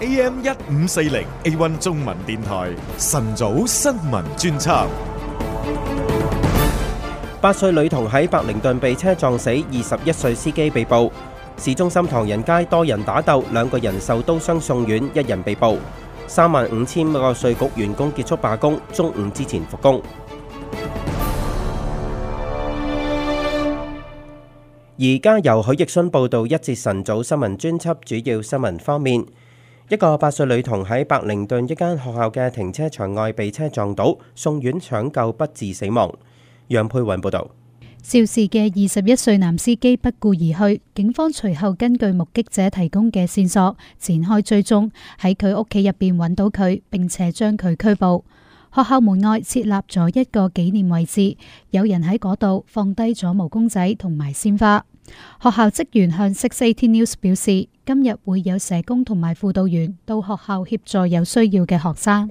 A.M. 一五四零 A One 中文電台晨早新聞專輯：八歲女童喺百靈頓被車撞死，二十一歲司機被捕。市中心唐人街多人打鬥，兩個人受刀傷送院，一人被捕。三萬五千個稅局員工結束罷工，中午之前復工。而家由許奕迅報道一節晨早新聞專輯，主要新聞方面。一個八歲女童喺白靈頓一間學校嘅停車場外被車撞倒，送院搶救不治死亡。楊佩雲報道。肇事嘅二十一歲男司機不顧而去，警方隨後根據目擊者提供嘅線索展開追蹤，喺佢屋企入邊揾到佢，並且將佢拘捕。學校門外設立咗一個紀念位置，有人喺嗰度放低咗毛公仔同埋鮮花。學校職員向 sixty news 表示。今日會有社工同埋輔導員到學校協助有需要嘅學生。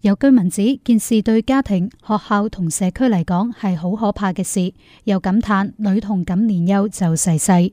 有居民指件事對家庭、學校同社區嚟講係好可怕嘅事，又感嘆女童咁年幼就逝世。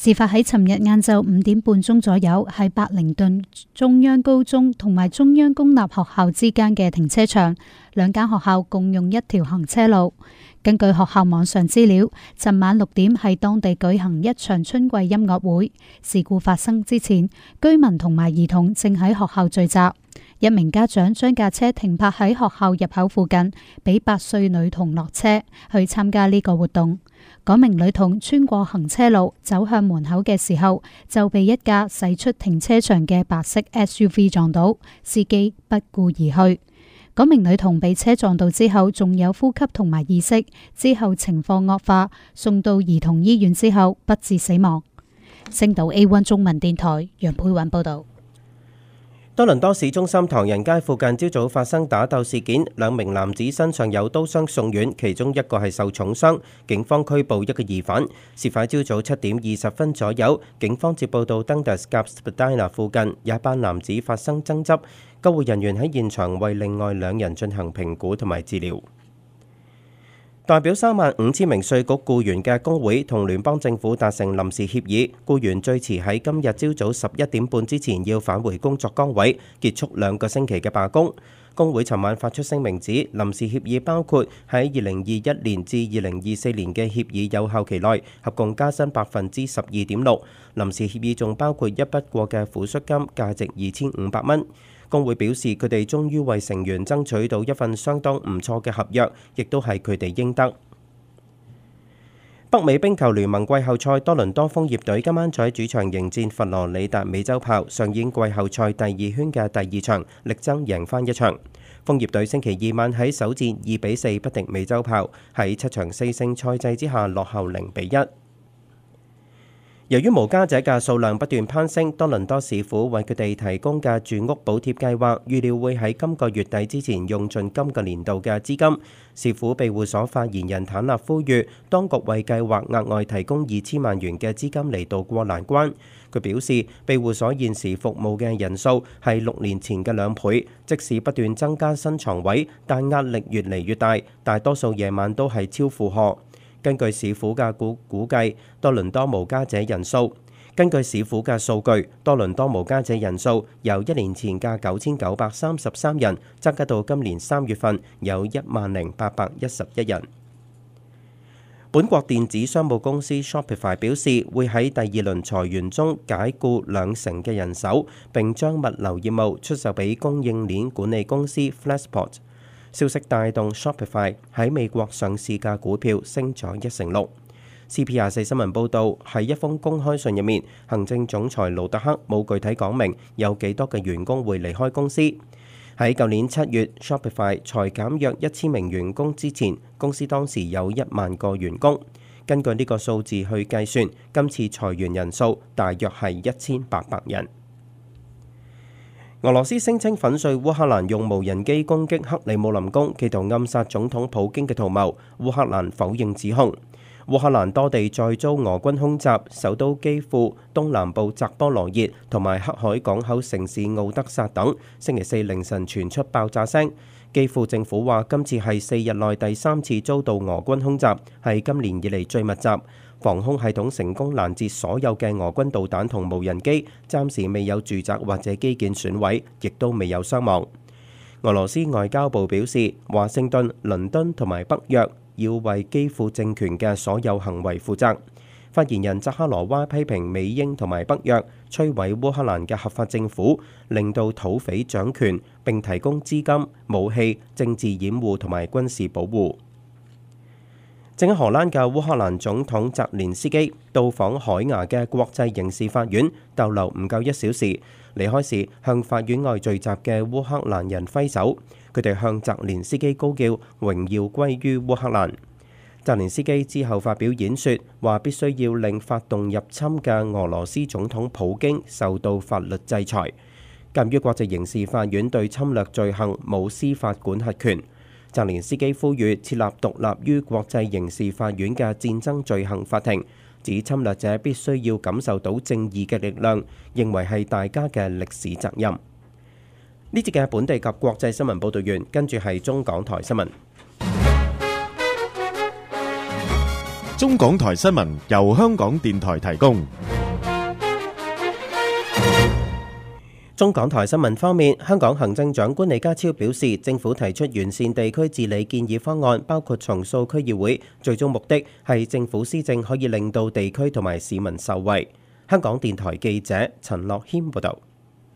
事發喺尋日晏晝五點半鐘左右，喺伯靈頓中央高中同埋中央公立學校之間嘅停車場，兩間學校共用一條行車路。根據學校網上資料，尋晚六點喺當地舉行一場春季音樂會。事故發生之前，居民同埋兒童正喺學校聚集。一名家長將架車停泊喺學校入口附近，俾八歲女童落車去參加呢個活動。嗰名女童穿過行車路走向門口嘅時候，就被一架駛出停車場嘅白色 SUV 撞到，司機不顧而去。嗰名女童被車撞到之後，仲有呼吸同埋意識，之後情況惡化，送到兒童醫院之後不治死亡。星島 A1 中文電台楊佩云報道。多倫多市中心唐人街附近朝早發生打鬥事件，兩名男子身上有刀傷送院，其中一個係受重傷。警方拘捕一個疑犯。事發朝早七點二十分左右，警方接報到 Dundas 及 Spadina 附近有一班男子發生爭執，救護人員喺現場為另外兩人進行評估同埋治療。代表三萬五千名稅局雇員嘅工會同聯邦政府達成臨時協議，雇員最遲喺今日朝早十一點半之前要返回工作崗位，結束兩個星期嘅罷工。工會尋晚發出聲明指，臨時協議包括喺二零二一年至二零二四年嘅協議有效期內，合共加薪百分之十二點六。臨時協議仲包括一筆過嘅撫恤金價，價值二千五百蚊。工會表示，佢哋終於為成員爭取到一份相當唔錯嘅合約，亦都係佢哋應得。北美冰球聯盟季後賽，多倫多楓葉隊今晚在主場迎戰佛羅里達美洲豹，上演季後賽第二圈嘅第二場，力爭贏翻一場。楓葉隊星期二晚喺首戰二比四不敵美洲豹，喺七場四勝賽制之下落後零比一。由於無家者嘅數量不斷攀升，多倫多市府為佢哋提供嘅住屋補貼計劃預料會喺今個月底之前用盡今個年度嘅資金。市府庇護所發言人坦納呼籲，當局為計劃額外提供二千萬元嘅資金嚟度過難關。佢表示，庇護所現時服務嘅人數係六年前嘅兩倍，即使不斷增加新床位，但壓力越嚟越大，大多數夜晚都係超負荷。根據市府嘅估估計，多倫多無家者人數。根據市府嘅數據，多倫多無家者人數由一年前嘅九千九百三十三人增加到今年三月份有一萬零八百一十一人。本國電子商務公司 Shopify 表示，會喺第二輪裁員中解僱兩成嘅人手，並將物流業務出售俾供應鏈管理公司 Flexport。消息帶動 Shopify 喺美國上市嘅股票升咗一成六。CPR 四新聞報導，喺一封公開信入面，行政總裁盧德克冇具體講明有幾多嘅員工會離開公司。喺舊年七月 Shopify 裁減約一千名員工之前，公司當時有一萬個員工。根據呢個數字去計算，今次裁員人數大約係一千八百人。俄羅斯聲稱粉碎烏克蘭用無人機攻擊克里姆林宮，企圖暗殺總統普京嘅圖謀。烏克蘭否認指控。烏克蘭多地再遭俄軍空襲，首都基輔、東南部澤波羅熱同埋黑海港口城市敖德薩等，星期四凌晨傳出爆炸聲。基輔政府話，今次係四日內第三次遭到俄軍空襲，係今年以嚟最密集。防空系統成功攔截所有嘅俄軍導彈同無人機，暫時未有住宅或者基建損毀，亦都未有傷亡。俄羅斯外交部表示，華盛頓、倫敦同埋北約要為基輔政權嘅所有行為負責。發言人扎哈羅娃批評美英同埋北約摧毀烏，烏克蘭嘅合法政府，令到土匪掌權，並提供資金、武器、政治掩護同埋軍事保護。正喺荷蘭嘅烏克蘭總統澤連斯基到訪海牙嘅國際刑事法院逗留唔夠一小時，離開時向法院外聚集嘅烏克蘭人揮手，佢哋向澤連斯基高叫榮耀歸於烏克蘭。澤連斯基之後發表演説，話必須要令發動入侵嘅俄羅斯總統普京受到法律制裁。鑑於國際刑事法院對侵略罪行冇司法管轄權。澤連斯基呼籲設立獨立於國際刑事法院嘅戰爭罪行法庭，指侵略者必須要感受到正義嘅力量，認為係大家嘅歷史責任。呢節嘅本地及國際新聞報道員，跟住係中港台新聞。中港台新聞由香港電台提供。中港台新聞方面，香港行政長官李家超表示，政府提出完善地區治理建議方案，包括重塑區議會，最終目的係政府施政可以令到地區同埋市民受惠。香港電台記者陳樂謙報道，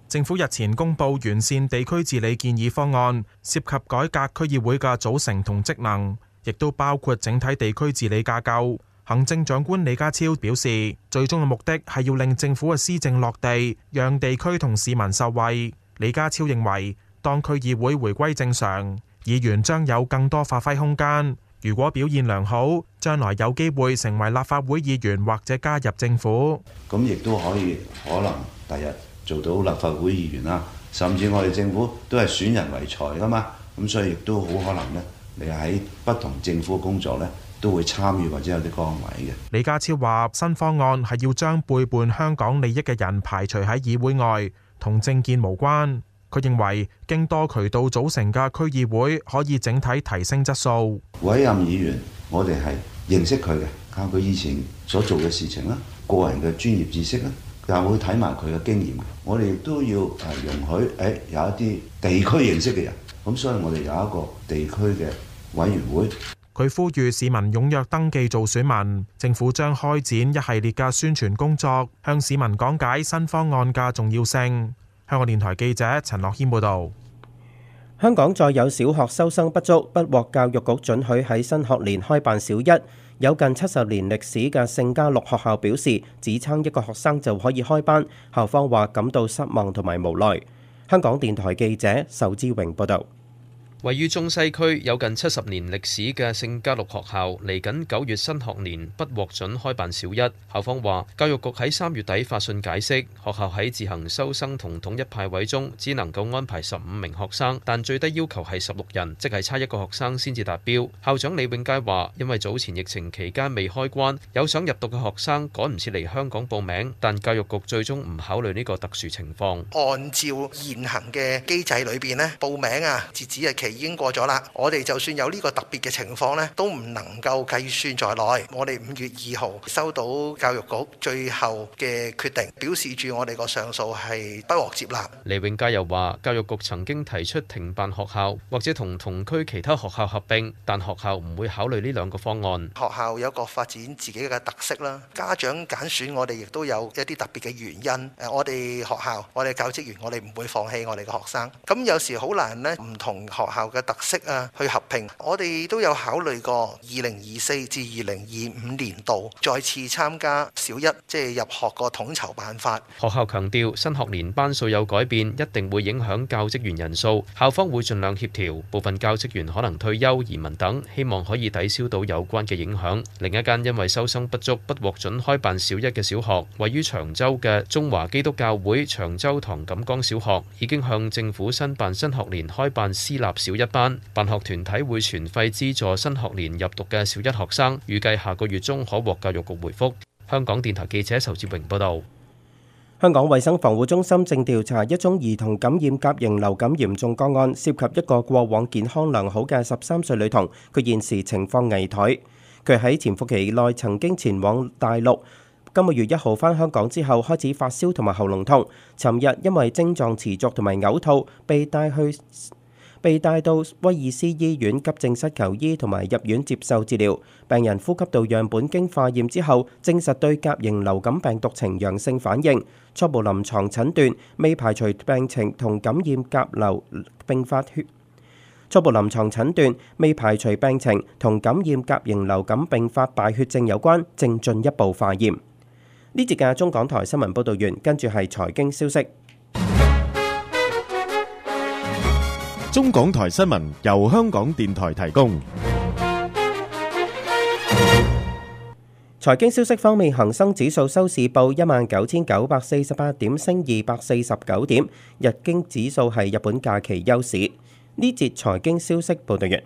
政府日前公布完善地區治理建議方案，涉及改革區議會嘅組成同職能，亦都包括整體地區治理架構。行政長官李家超表示，最終嘅目的係要令政府嘅施政落地，讓地區同市民受惠。李家超認為，當區議會回歸正常，議員將有更多發揮空間。如果表現良好，將來有機會成為立法會議員或者加入政府。咁亦都可以，可能第日做到立法會議員啦，甚至我哋政府都係選人為才噶嘛，咁所以亦都好可能呢，你喺不同政府工作呢。都會參與或者有啲崗位嘅。李家超話：新方案係要將背叛香港利益嘅人排除喺議會外，同政見無關。佢認為經多渠道組成嘅區議會可以整體提升質素。委任議員，我哋係認識佢嘅，靠佢以前所做嘅事情啦，個人嘅專業知識啦，但會睇埋佢嘅經驗。我哋都要誒容許誒、哎、有一啲地區認識嘅人，咁所以我哋有一個地區嘅委員會。佢呼籲市民踴躍登記做選民，政府將開展一系列嘅宣傳工作，向市民講解新方案嘅重要性。香港電台記者陳樂謙報道。香港再有小學收生不足，不獲教育局准許喺新學年開辦小一。有近七十年歷史嘅聖家祿學校表示，只爭一個學生就可以開班，校方話感到失望同埋無奈。香港電台記者壽志榮報道。位於中西區有近七十年歷史嘅聖嘉祿學校，嚟緊九月新學年不獲准開辦小一。校方話，教育局喺三月底發信解釋，學校喺自行收生同統一派位中，只能夠安排十五名學生，但最低要求係十六人，即係差一個學生先至達標。校長李永佳話，因為早前疫情期間未開關，有想入讀嘅學生趕唔切嚟香港報名，但教育局最終唔考慮呢個特殊情況。按照現行嘅機制裏邊呢，報名啊，截止日期已經過咗啦，我哋就算有呢個特別嘅情況咧，都唔能夠計算在內。我哋五月二號收到教育局最後嘅決定，表示住我哋個上訴係不獲接納。李永佳又話：教育局曾經提出停辦學校或者同同區其他學校合並，但學校唔會考慮呢兩個方案。學校有個發展自己嘅特色啦，家長揀選我哋亦都有一啲特別嘅原因。誒，我哋學校，我哋教職員，我哋唔會放棄我哋嘅學生。咁有時好難咧，唔同學校。嘅特色啊，去合併，我哋都有考慮過二零二四至二零二五年度再次參加小一即係入學個統籌辦法。學校強調，新學年班數有改變，一定會影響教職員人數，校方會盡量協調，部分教職員可能退休、移民等，希望可以抵消到有關嘅影響。另一間因為收生不足不獲准開辦小一嘅小學，位於長洲嘅中華基督教會長洲堂錦江小學，已經向政府申辦新學年開辦私立小。小一班辦學團體會全費資助新學年入讀嘅小一學生預計下個月中可獲教育局回復。香港電台記者仇志榮報道。香港衛生防護中心正調查一宗兒童感染甲型流感嚴重個案，涉及一個過往健康良好嘅十三歲女童，佢現時情況危殆。佢喺潛伏期內曾經前往大陸，今個月一號返香港之後開始發燒同埋喉嚨痛，尋日因為症狀持續同埋嘔吐，被帶去。被帶到威爾斯醫院急症室求醫同埋入院接受治療，病人呼吸道樣本經化驗之後，證實對甲型流感病毒呈陽性反應，初步臨床診斷未排除病情同感染甲流並發血，初步臨床診斷未排除病情同感染甲型流感並發敗血症有關，正進一步化驗。呢節嘅中港台新聞報道員，跟住係財經消息。中港台新聞由香港電台提供。財經消息方面，恒生指數收市報一萬九千九百四十八點，升二百四十九點。日經指數係日本假期休市。呢節財經消息報道完。